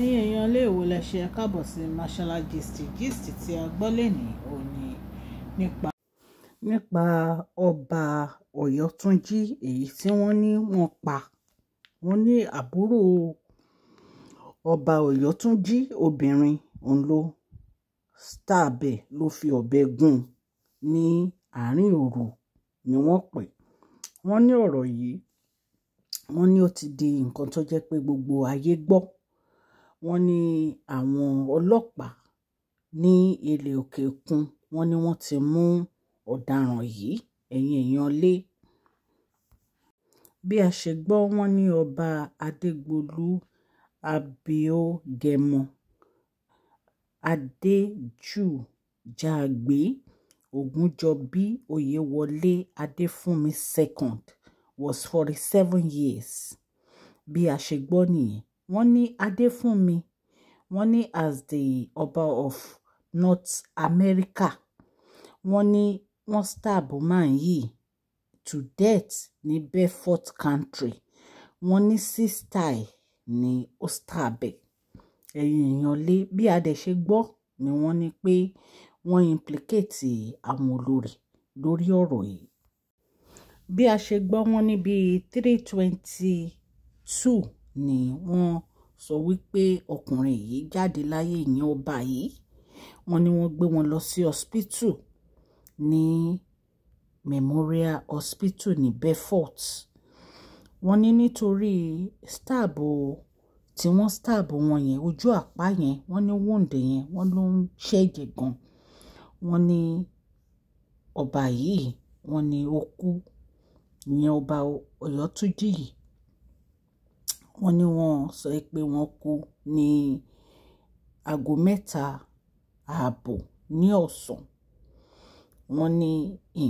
ẹ̀yin èèyàn ilé ìwò lẹ ṣe káàbọ̀ sí mashola gist gist tí a gbọ́ lẹ́nìí ò ní nípa nípa ọba ọ̀yọ́túnjí èyí tí wọ́n ní wọ́n pa wọ́n ní àbúrò ọba ọ̀yọ́túnjí obìnrin òun ló ló fi ọ̀bẹ gún ní àárín òru ni wọ́n pè wọ́n ní ọ̀rọ̀ yìí wọ́n ní ó ti di nǹkan tó jẹ́ pé gbogbo ayé gbọ́ wọ́n ní àwọn ọlọ́pàá ní ilẹ̀ òkè òkun wọ́n ní wọ́n ti mú ọ̀daràn yìí ẹ̀yìn èèyàn lé bí a ṣe gbọ́ wọ́n ní ọba adégbolu abíọ́gẹmọ adéjújàgbé ògúnjọbí oyèwọlé adéfúnmi second was forty seven years bí a ṣe gbọ́ nìyẹn wọ́n ní adéfúnmi wọ́n ní as the ọba of north america wọ́n ní wọ́n stab man yìí to death ní Beaufort country wọ́n ní sista ẹ̀ ní ó stab ẹ̀ ẹ̀yìn èèyàn lé bí adẹ̀ṣe gbọ́ ni wọ́n ní pé wọ́n implicate àwọn olórí lórí ọ̀rọ̀ yìí bí a ṣe gbọ́ wọ́n ní bíi three twenty two ni wọ́n sọ wípé ọkùnrin yìí jáde láyé ìyẹn ọba yìí wọ́n ní wọ́n gbé wọn lọ sí hospital ní Memorial Hospital ní Bedford wọ́n ní nítorí stab tí wọ́n stab wọn yẹn ojú àpá yẹn wọ́n ní wound yẹn wọ́n ló ń ṣẹ̀jẹ̀ gan wọ́n ní ọba yìí wọ́n ní ó kú ìyẹn ọba Ọ̀yọ́túnjì yìí wọ́n ní wọ́n sọ pé wọ́n kú ní aago mẹ́ta ààbọ̀ ní ọ̀sán wọ́n ní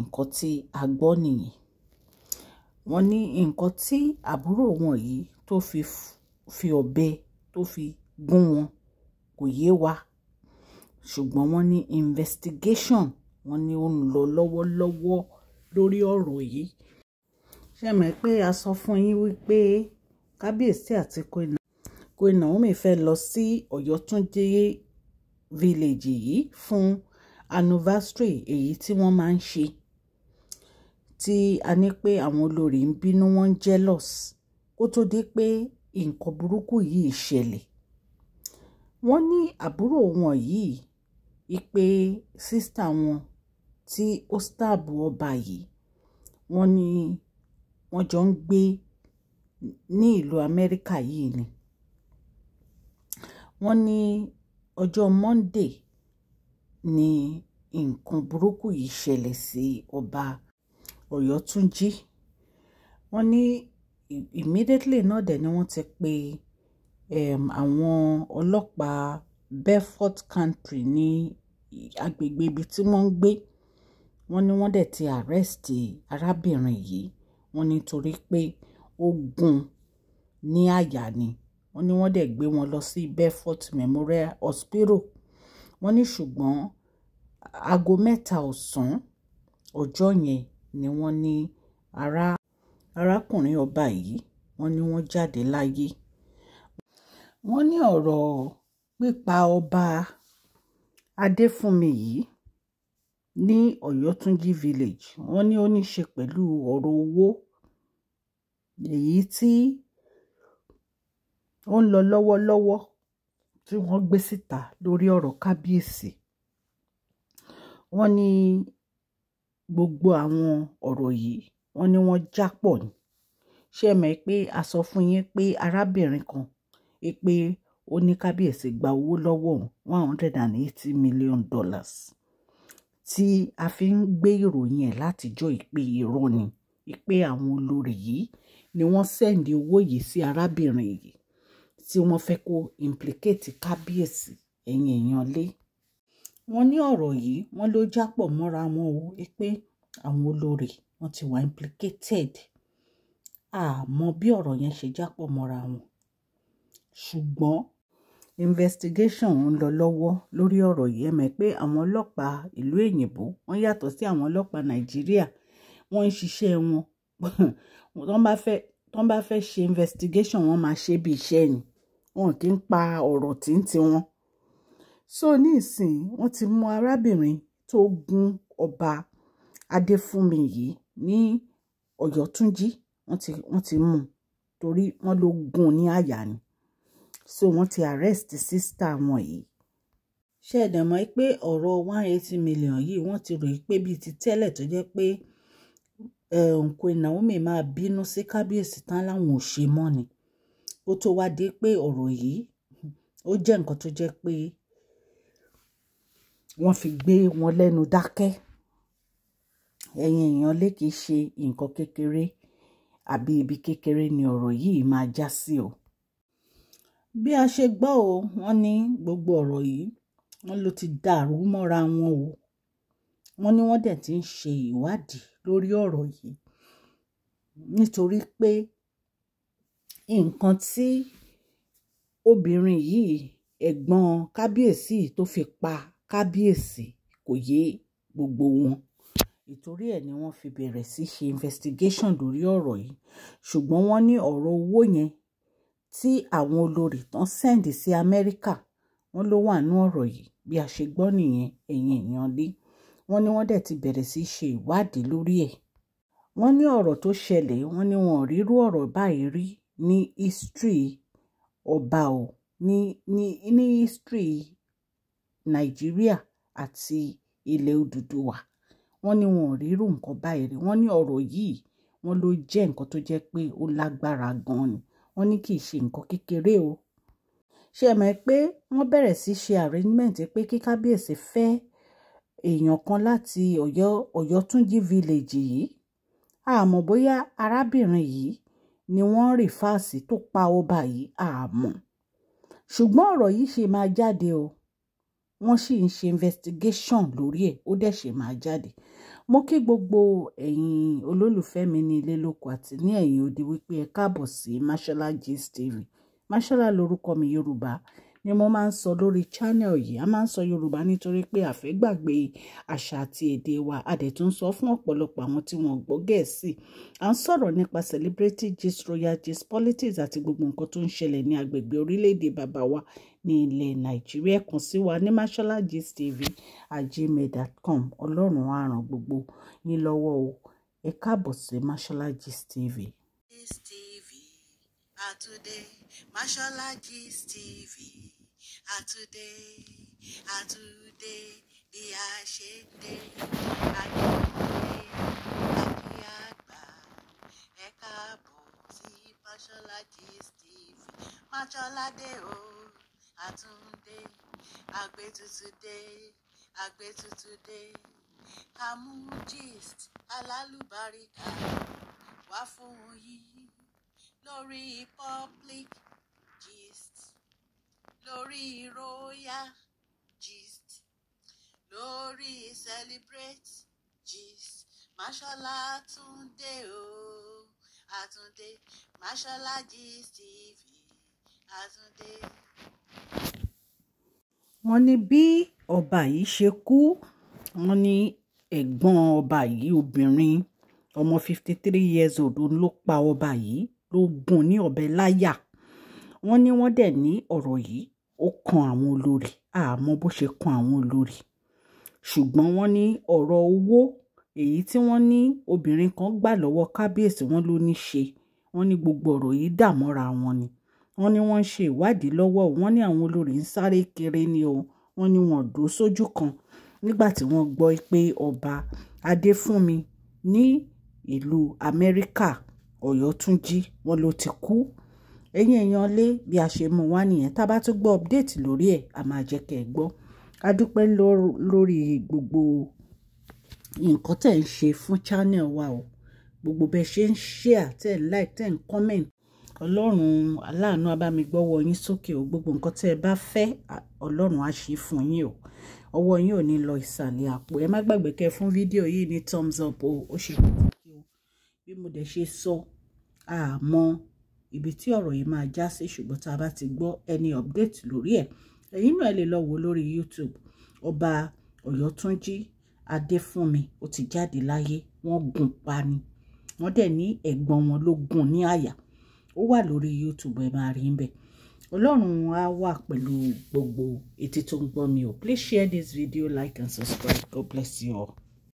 nǹkan tí a gbọ́ nìyẹn wọ́n ní nǹkan tí àbúrò wọn yìí tó fi fi ọ̀bẹ tó fi gún wọn kò yé wa ṣùgbọ́n wọ́n ní investigation wọ́n ní ó ń lọ lọ́wọ́lọ́wọ́ lórí ọ̀rọ̀ yìí ṣe mọ̀ pé a sọ fún yín wípé kábíyèsí àti Queen Naomi fẹ́ lọ sí ọ̀yọ́túnjẹ village yìí fún anniversary èyí tí wọ́n máa ń ṣe tí a ní pé àwọn olórí ń bínú wọn jealous kó tó dé pé nǹkan burúkú yìí ṣẹlẹ̀ wọ́n ní àbúrò wọn yìí ipe sísítà wọn tí ó stáàbù ọba yìí wọ́n ní wọ́n jọ ń gbé ní ìlú Amẹ́ríkà yìí ni wọ́n ní ọjọ́ Monday ni nǹkan burúkú yìí ṣẹlẹ̀ sí ọba Ọ̀yọ́túnjí wọ́n ní immediately náà dẹ̀ ni wọ́n ti pe um, àwọn ọlọ́pàá Beaufort County ní agbègbè ibi tí wọ́n ń gbé wọ́n ní wọ́n dẹ̀ ti arrest arábìnrin yìí wọ́n nítorí pé. Pe ogun ní àyà ni wọ́n ní wọ́n dẹ̀ gbé wọn lọ sí Bedford Memorial Hospital wọ́n ní ṣùgbọ́n aago mẹ́ta ọ̀sán ọjọ́ yẹn ni wọ́n ní ara arákùnrin ọba yìí wọ́n ní wọ́n jáde láyé wọ́n ní ọ̀rọ̀ pípa ọba adéfúnmi yìí ní ọ̀yọ́túnjì village wọ́n ní ó ní í ṣe pẹ̀lú ọ̀rọ̀ owó èyí tí ó ń lọ lọ́wọ́lọ́wọ́ tí wọ́n gbé síta lórí ọ̀rọ̀ kábíyèsí wọ́n ní gbogbo àwọn ọ̀rọ̀ yìí wọ́n ní wọ́n já pọ̀ ni ṣé ẹ mọ̀ pé a sọ fún yín pé arábìnrin kan pé ó ní kábíyèsí gba owó lọ́wọ́ one hundred and eighty million dollars tí a fi ń gbé ìròyìn ẹ̀ látijọ́ ìpè irọ́ ni ìpè àwọn olórí yìí ni wọ́n sẹ́ndì owó yìí sí arábìnrin yìí tí wọ́n fẹ́ kó implicate kábíyèsí ẹ̀yìn èèyàn lé wọ́n ní ọ̀rọ̀ yìí wọ́n ló jápọ̀ mọ́ra wọn o pé àwọn olórí wọ́n ti wà implicated àmọ́ bí ọ̀rọ̀ yẹn ṣe jápọ̀ mọ́ra wọn ṣùgbọ́n investigation ń lọ lọ́wọ́ lórí ọ̀rọ̀ yìí ẹ mọ̀ pé àwọn ọlọ́pàá ìlú èyìnbó wọ́n yàtọ̀ sí àwọn ọlọ́pàá nàìjíríà wọ́n ń ṣiṣẹ́ wọn tọ́n bá fẹ́ tọ́n ṣe investigation wọ́n máa ṣe bí iṣẹ́ ni wọn kì í pa ọ̀rọ̀ tíntín wọn. so ní ìsìn wọ́n ti mú arábìnrin tó gun ọba adéfúnmi yìí ní ọ̀yọ́túnjí wọ́n ti wọ́n ti mú un torí wọ́n ló gun ní àyà ni so wọ́n ti arrest sísítà wọn yìí ṣe é dẹ̀ mọ́ pé ọ̀rọ̀ one eighty million yìí wọ́n ti rò pé bíi ti tẹ́lẹ̀ tó jẹ́ pé. Pe Queen eh, Naomi máa bínú sí kábíyèsí tán láwọn ò ṣe mọ́ ni ó tó wá dé pé ọ̀rọ̀ yìí ó jẹ́ nǹkan tó jẹ́ pé wọ́n fi gbé wọn lẹ́nu dákẹ́ ẹ̀yin èèyàn lè kìí ṣe nǹkan kékeré àbí ibi kékeré ni ọ̀rọ̀ yìí máa já sí o bí a ṣe gbọ́ o wọ́n ní gbogbo ọ̀rọ̀ yìí wọ́n ló ti dàrú mọ́ra wọn o wọ́n ní wọ́n dẹ̀ ti ń ṣe ìwádìí lórí ọ̀rọ̀ yìí nítorí pé nǹkan tí obìnrin yìí ẹ̀gbọ́n kábíyèsí tó fi pa kábíyèsí kò yé gbogbo wọn ìtorí ẹ̀ ni wọ́n fi bẹ̀rẹ̀ sí ṣe investigation lórí ọ̀rọ̀ yìí ṣùgbọ́n wọ́n ní ọ̀rọ̀ owó yẹn tí àwọn olórí tán sẹ́ǹdì sí Amẹ́ríkà wọ́n ló wà ní ọ̀rọ̀ yìí bí a ṣe gbọ́ nìyẹn ẹ̀yìn èèyàn wọ́n ní wọ́n dẹ̀ ti bẹ̀rẹ̀ sí í ṣe ìwádìí lórí ẹ̀ wọ́n ní ọ̀rọ̀ tó ṣẹlẹ̀ wọ́n ní wọn rírú ọ̀rọ̀ báyìí rí ní history ọba o ní ní ní history nàìjíríà àti ilẹ̀ Odùduwà wọ́n ní wọn ò rírú nǹkan báyìí rí wọ́n ní ọ̀rọ̀ yìí wọ́n ló jẹ́ nǹkan tó jẹ́ pé ó lágbára gan ni wọ́n ní kì í ṣe nǹkan kékeré o ṣe mọ̀ pé wọ́n bẹ̀rẹ̀ sí ṣe arrangement pé kí kábíyèsí fẹ́ èèyàn kan láti ọ̀yọ́ ọ̀yọ́túnjì village yìí àmọ́ bóyá arábìnrin yìí ni wọ́n ń rìfáàsì tó pa ọba yìí àmọ́ ṣùgbọ́n ọ̀rọ̀ yìí ṣe máa jáde o wọ́n sì ń ṣe investigation lórí ẹ̀ ó dẹ̀ ṣe máa jáde mo kí gbogbo ẹ̀yin olólùfẹ́ mi ní ilé lóko àti ní ẹ̀yìn òde wípé ẹ káàbọ̀ sí mashola gist tv mashola mi yorùbá ni mo máa ń sọ lórí channel yìí a máa ń sọ Yorùbá nítorí pé a fẹ́ gbàgbé àṣà àti èdè wa a dẹ̀ tún sọ fún ọ̀pọ̀lọpọ̀ àwọn tí wọ́n gbọ́ Gẹ̀ẹ́sì à ń sọ̀rọ̀ nípa celebrity gist royal gist politics àti gbogbo nǹkan tó ń ṣẹlẹ̀ ní agbègbè orílẹ̀-èdè bàbá wa ní ilẹ̀ Nàìjíríà kàn sí wa ní mashola gist tv at gmail dot com ọlọ́run á ràn gbogbo yín lọ́wọ́ o ẹ káàbọ̀ sí mashola gist tv. Gist TV, àtúndé Mashola Gist TV àtúndé àtúndé ni a ṣe ń dé àtúndé àti àgbà ẹ káàbọ̀ sí Mashola Gist TV Mashola dé o àtúndé àgbétútúndé àgbétútúndé àmú gist alálùbáríkà wá fún yín lórí public lórí royal gist lórí celebrate gist máṣọ́lá túndé o àtúndé máṣọ́lá gist tv àtúndé. wọ́n ní bí ọba yìí ṣe kú wọ́n ní ẹ̀gbọ́n ọba yìí obìnrin ọmọ fifty three years old ló pa ọba yìí ló gún ní ọ̀bẹ láyà wọ́n ní wọ́n dẹ̀ ní ọ̀rọ̀ yìí ó kan àwọn olórí àmọ́ bó ṣe kan àwọn olórí ṣùgbọ́n wọ́n ní ọ̀rọ̀ owó èyí tí wọ́n ní obìnrin kan gbà lọ́wọ́ kábíyèsí wọn ló ní ṣe wọ́n ní gbogbo ọ̀rọ̀ yìí dà wọn ni wọ́n ní wọ́n ń ṣe ìwádìí lọ́wọ́ wọ́n ní àwọn olórí ń sáré kiri ni o wọ́n ní wọ́n dó sójú kan nígbà tí wọ́n gbọ́ pé ọba adéfúnmi ní ìlú amẹ́ríkà ọ̀yọ́túnjí wọn ló ti kú ẹ̀yin èèyàn lé bí a ṣe mú wá nìyẹn tá a bá tún gbọ́ update lórí ẹ̀ a máa jẹ́ kẹ́ ẹ gbọ́ a dúpẹ́ lórí gbogbo nǹkan tẹ̀ ń ṣe fún channel wa o gbogbo bẹ́ẹ̀ ṣe ń share tẹ̀ ń like tẹ̀ ń comment ọlọ́run aláàánú abámigbọ́wọ́ yín sókè o gbogbo nǹkan tẹ́ ẹ bá fẹ́ ọlọ́run á ṣe fún yín o ọwọ́ yín ò ní lọ ìsàlẹ̀ àpò ẹ má gbàgbé kẹ́ fún fídíò yìí ní thumbs up o ó ṣe pàtàkì o bí mo dẹ̀ ṣe sọ àmọ́ ibi tí ọ̀rọ̀ yìí máa já sí ṣùgbọ́n tá a bá ti gbọ́ ẹni update lórí ẹ̀ ẹ̀yin náà lè lọ wò lórí YouTube ọba Ọ̀yọ́túnjí Adéfúnmi ó ti jáde láyé wọ́n gún pa ni wọ́n dẹ̀ ní ẹ̀gbọ́n wọn ló gún ní àyà ó wà lórí YouTube ẹ máa rí ń bẹ̀ ọlọ́run á wà pẹ̀lú gbogbo etí tó ń gbọ́ mi o please share this video like and subscribe god bless you all.